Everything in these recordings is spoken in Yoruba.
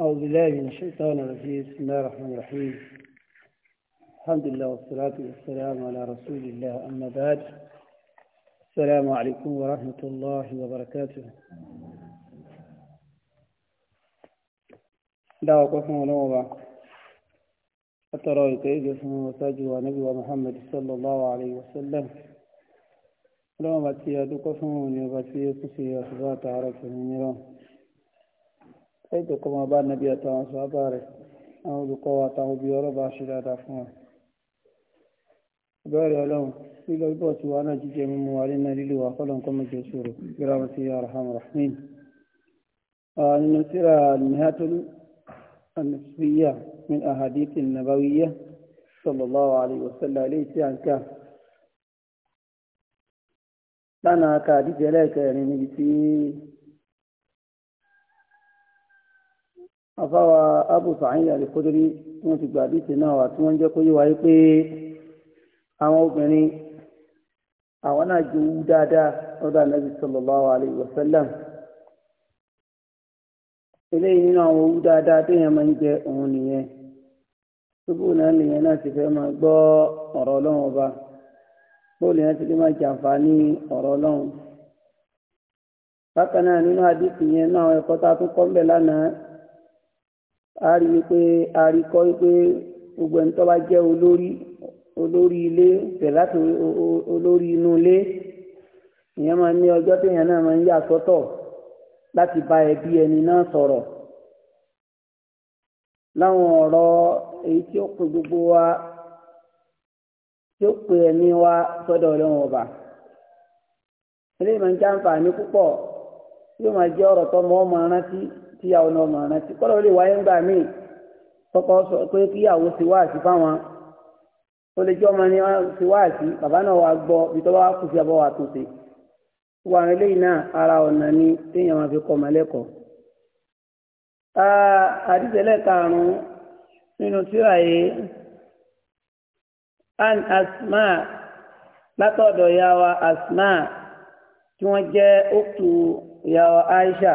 أعوذ بالله من الشيطان الرجيم بسم الله الرحمن الرحيم الحمد لله والصلاة والسلام على رسول الله أما بعد السلام عليكم ورحمة الله وبركاته دعوة قفنا ونوبة أترى كيد اسم وساجه ونبي ومحمد صلى الله عليه وسلم لما سيادة أدوك فمو سيادة سيادة سيادة عرفه من يوم ẹ̀jẹ̀ kọ́ máa bá nàbí àtàwọn sábà rẹ̀ àwọn olùkọ́ àtàwọn òbí ọ̀rọ̀ bá ṣe dáadáa fún wa. bẹ́ẹ̀rẹ̀ ọlọ́run lílọ bíbọ̀ tí wàá náà jíjẹ mímú wa nínú lílo wa kọ́lọ̀ nǹkan méje sòrò gírámù sí arham rahmin. nínú síra nihatul anasiriya min ahadith nabawiya sallallahu alayhi wa sallam tí a ń kà. lánàá ka àdíjẹ lẹ́ẹ̀kẹrin níbi tí afáwa abu sa'id al-Khudri tí wọ́n ti gbà bí ti náà wà tí wọ́n jẹ́ kó yé wa yí pé àwọn obìnrin àwọn náà jowú dáadáa lọ́dọ̀ anabi sallallahu alayhi wa sallam eléyìí nínú àwọn owú dáadáa téèyàn máa ń jẹ òun nìyẹn tóbú náà lèèyàn náà ti fẹ́ máa gbọ́ ọ̀rọ̀ ọlọ́run ọba bó lèèyàn ti lè máa jàǹfààní ọ̀rọ̀ ọlọ́run bákan náà nínú àdìsí yẹn náà ẹ̀kọ́ tá a tún kọ́ ńbẹ̀ lánàá a rí i pé a rí kọ́ pé gbogbo ẹni tó bá jẹ́ olórí olórí ilé pẹ̀láti olórí inú ilé ìyẹn máa ní ọjọ́ téèyàn náà máa ń yà sọ́tọ̀ láti bá ẹbí ẹni náà sọ̀rọ̀ láwọn ọ̀rọ̀ èyí tí ó pè gbogbo wa tí ó pè ẹ̀mí wa sọ́dọ̀ ọlọ́run ọba eléyìí máa ń jẹ́ púpọ̀ yóò máa jẹ́ ọ̀rọ̀ tó mọ́ ọmọ rántí tíyàwó náà mọ̀ rántí kọ́lọ̀ lè wáyé ńgbà míì kọ́kọ́ sọ pé kíyàwó ti wá àti fáwọn tó lè jọ́ ọmọ ni wọ́n ti wá àti bàbá náà wá gbọ́ bí tọ́ bá kù sí abọ́ wa tó ṣe. wà á eléyìí náà ara ọ̀nà ni téèyàn máa fi kọ́ ọmọ lẹ́kọ̀ọ́. àdìsẹ́lẹ̀ karùn-ún nínú tíra yìí an asma látọ̀dọ̀ yàwá asma tí wọ́n jẹ́ òkú yàwá aisha.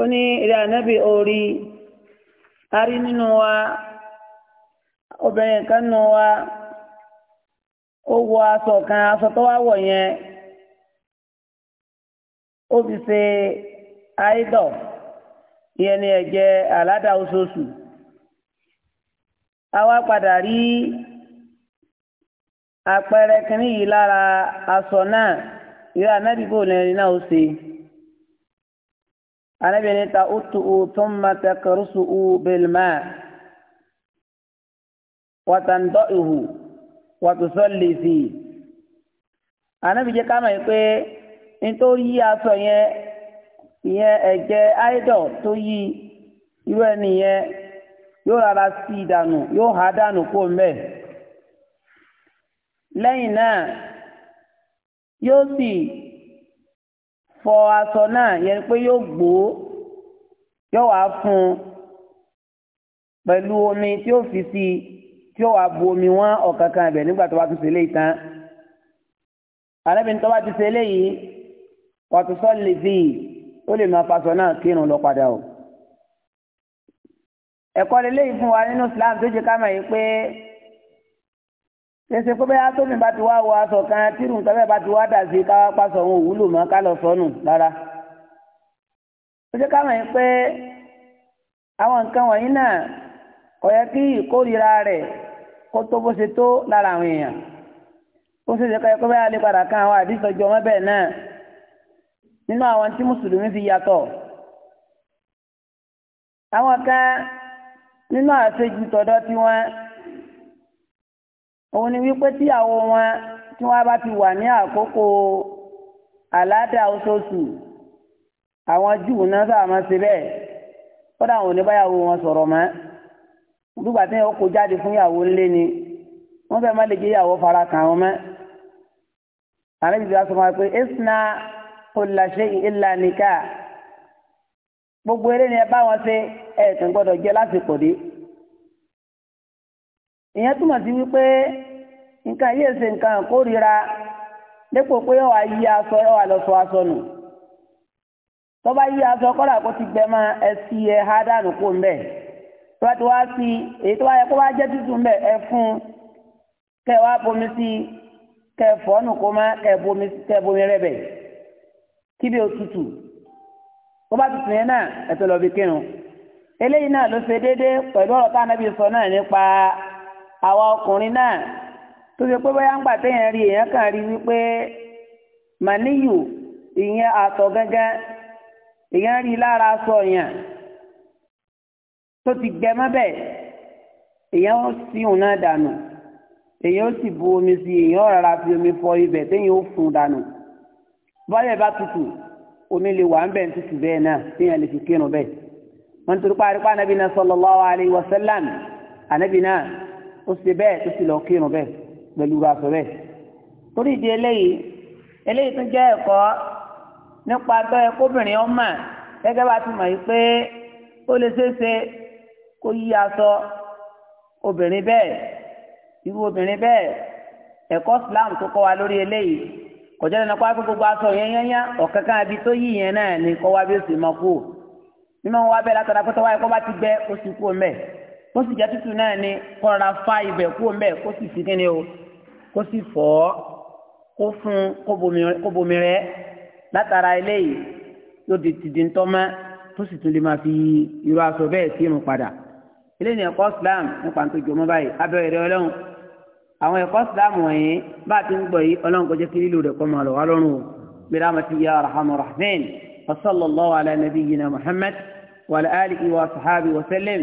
ó ní eré ànábì orí arí nínú wa obìnrin kan nínú wa ó wọ aṣọ kan aṣọ tó wá wọ̀ yẹn ó fi ṣe alada ìyẹn ni ẹ̀jẹ̀ aládàá oṣooṣù àwa padà rí àpẹẹrẹ kìnnìyí lára aṣọ náà ìrẹ́ ànábì bò lẹ́rìn náà arábìnrin ta utu thumma takarusu bilma wàtàndọ́ ihu wàtúsọ́lì sí i. ànábìjẹ́ kama mọ̀ pé nítorí yí aṣọ yẹn ìyẹn ẹ̀jẹ̀ áídọ̀ tó yí irú ẹni yẹn yóò rárá sí i dànù yóò ha dànù náà yóò fọ aṣọ náà yẹn pé yóò gbó yóò wá fún un omi tí ó fi sí tí ó wá bu omi wọn ọ̀kankan ẹ̀bẹ̀ nígbà tó bá tún ṣe léyìí tán arábìnrin tó bá ti ṣe léyìí wàtò sọ́ọ̀lì fi ó lè máa faṣọ náà kírun lọ padà o ẹ̀kọ́ fún wa nínú Islam tó jẹ́ ká kẹsẹ̀ pé bẹ́ẹ̀ tómi bá ti wá wọ aṣọ kan tírù tọ́lẹ̀ bá ti wá dà sí káwá pàṣọ òun òwúlò mọ́ ká lọ sọnù rárá. ó jẹ́ ká mọ̀ yín pé àwọn nǹkan wọ̀nyí náà kò yẹ kí ìkórira rẹ̀ kó tó bó ṣe tó lára àwọn èèyàn. ó ṣe ṣe pé bẹ́ẹ̀ lè padà kan àwọn àdìsọ́jọ́ ọmọ bẹ́ẹ̀ náà nínú àwọn tí mùsùlùmí fi yàtọ̀. àwọn kan nínú àṣejù tọ̀dọ̀ tiwọn òun ni wípé tíyàwó wọn tí wọ́n bá ti wà ní àkókò àládà oṣooṣù àwọn júù náà sábà máa ṣe bẹ́ẹ̀ kódà àwọn oníbáyàwó wọn sọ̀rọ̀ mọ́ dùgbà tí wọn kó jáde fún ìyàwó ńlé ni wọ́n fẹ́ẹ́ má lè jẹ́ ìyàwó fara kàn wọn mọ́ àlejò ti wá sọ wọn pé isna kulla shay'in illa nikah gbogbo eré ni ẹ bá wọn ṣe ẹ kàn gbọ́dọ̀ jẹ lásìkò dé ìyẹn túmọ̀ sí wípé nǹkan yìí ṣe nǹkan kórìíra dépò pé ó wà yí aṣọ ó wà lọ sọ aṣọ nù tó bá yí aṣọ kọ́ra kó ti gbẹ mọ́ ẹsì ẹ̀ ha dànù kó ń bẹ̀ tó bá ti wá sí èyí tó bá yẹ kó bá jẹ́ tútù ń bẹ̀ ẹ fún kẹ wá bomi sí kẹ fọ́ọ̀nù kó má kẹ bomi kẹ bomi rẹ bẹ̀ kíbi òtútù tó bá tutù yẹn náà ẹ tó lọ bí kírun eléyìí náà ló ṣe déédéé pẹ̀lú ọ̀rọ̀ tá àwa ọkùnrin náà tó ṣe pé bóyá ń gbà rí èèyàn kan rí wípé màníyù ìyẹn àtọ̀ gángan èèyàn rí lára aṣọ yàn tó ti gbẹ mọ́bẹ̀ èèyàn ó sí òun náà dànù èèyàn ó sì bu omi sí èèyàn ó rárá fi omi fọ ibẹ̀ téèyàn ó fún dànù bẹ̀ ń ó ṣe bẹ́ẹ̀ tó sì lọ kírun bẹ́ẹ̀ pẹ̀lú aṣọ bẹ́ẹ̀ torí ìdí eléyìí eléyìí tún jẹ́ ẹ̀kọ́ nípa bẹ́ẹ̀ kóbìnrin ọmọ gẹ́gẹ́ bá ti mọ̀ yìí pé ó lè ṣeéṣe kó yí aṣọ obìnrin bẹ́ẹ̀ irú obìnrin bẹ́ẹ̀ ẹ̀kọ́ Islam tó kọ́ wa lórí eléyìí kọjá lẹ́nu pa gbogbo aṣọ yẹn yẹn yá ọ̀kankan àbí tó yí yẹn náà ni kọ́ wa bí ó sì mọ̀ kú mímọ́ wa bẹ́ẹ̀ látara pé tọ́wá ẹ̀kọ́ bá ti gbẹ oṣù kú mẹ́ẹ̀ kó sì já tútù náà ni kọ́ra fa ibẹ̀ kú mbẹ́ kó sì sí kíni o kó sì fọ́ kó fún kó bomi rẹ látara eléyìí yóò di tìdí ńtọ́ mọ́ tó sì tún lè máa fi irú aṣọ bẹ́ẹ̀ sí irun padà eléyìí ẹ̀kọ́ Islam nípa tó jọmọ́ báyìí abẹ́rẹ́ rẹ ọlọ́run àwọn ẹ̀kọ́ Islam wọ̀nyí bá a ti ń gbọ́ yìí ọlọ́run kò jẹ́ kí lílo rẹ̀ kọ́ máa lọ wá lọ́rùn o برحمتك يا أرحم الراحمين وصلى الله على نبينا محمد وعلى آله وصحابه وسلم